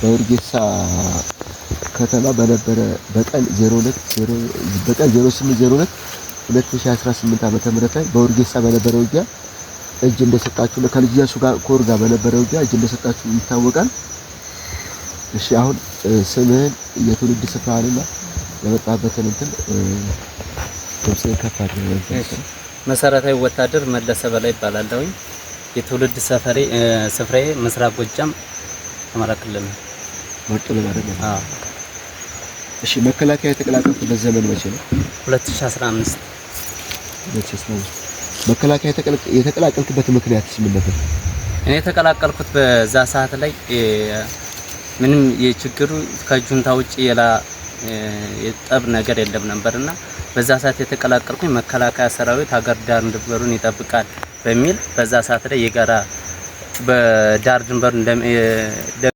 በውርጌሳ ከተማ በነበረ በቀን 02 በቀን 08 02 2018 ዓ.ም ላይ በውርጌሳ በነበረ ውጊያ እጅ እንደሰጣችሁ ከልጅ ኢያሱ ጋር ኮር ጋር በነበረ ውጊያ እጅ እንደሰጣችሁ ይታወቃል። እሺ አሁን ስምህን የትውልድ ስፍራህንና የመጣበትን እንትን ድምፅህን ከፍ አድርገህ። መሰረታዊ ወታደር መለሰ በላይ ይባላለሁኝ። የትውልድ ሰፈሬ ስፍራዬ ምስራቅ ጎጃም አማራ ክልል ነው። መርጦ ለማድረግ ማለት ነው። አዎ እሺ መከላከያ የተቀላቀልኩበት ዘመን መቼ ነው? 2015 2015 መከላከያ የተቀላቀልክበት ምክንያት ምን ነበር? እኔ የተቀላቀልኩት በዛ ሰዓት ላይ ምንም የችግሩ ከጁንታ ውጭ የላ የጠብ ነገር የለም ነበርና በዛ ሰዓት የተቀላቀልኩኝ መከላከያ ሰራዊት ሀገር ዳር ድንበሩን ይጠብቃል በሚል በዛ ሰዓት ላይ የጋራ በዳር ድንበሩ